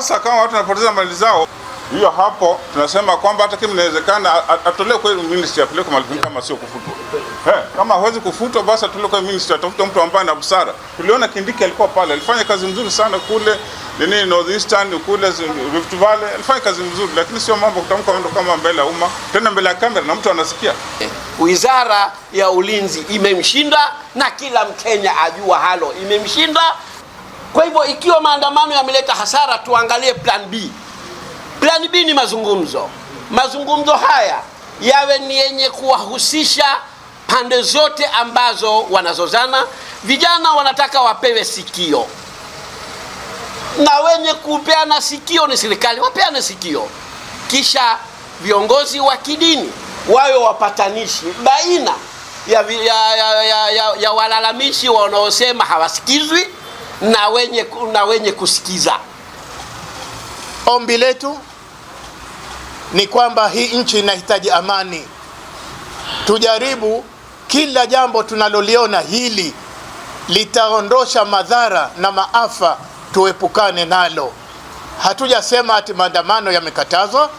Sasa kama watu wanapoteza mali zao, hiyo hapo tunasema kwamba hata kama inawezekana atolewe kwa ministry apeleke mali kama sio kufutwa. Eh, kama hawezi kufutwa basi atolewe kwa ministry atafute mtu ambaye ana busara. Tuliona Kindiki alikuwa pale, alifanya kazi nzuri sana kule nini North Eastern kule Rift Valley, alifanya kazi nzuri lakini sio mambo kutamka mambo kama mbele ya umma, tena mbele ya kamera na mtu anasikia. Wizara ya Ulinzi imemshinda na kila Mkenya ajua halo imemshinda. Kwa hivyo ikiwa maandamano yameleta hasara, tuangalie plan B. Plan B ni mazungumzo. Mazungumzo haya yawe ni yenye kuwahusisha pande zote ambazo wanazozana. Vijana wanataka wapewe sikio, na wenye kupeana sikio ni serikali, wapeane sikio, kisha viongozi wa kidini wawe wapatanishi baina ya, ya, ya, ya, ya, ya walalamishi wanaosema hawasikizwi na wenye, na wenye kusikiza. Ombi letu ni kwamba hii nchi inahitaji amani. Tujaribu kila jambo tunaloliona hili litaondosha madhara na maafa, tuepukane nalo. Hatujasema ati maandamano yamekatazwa.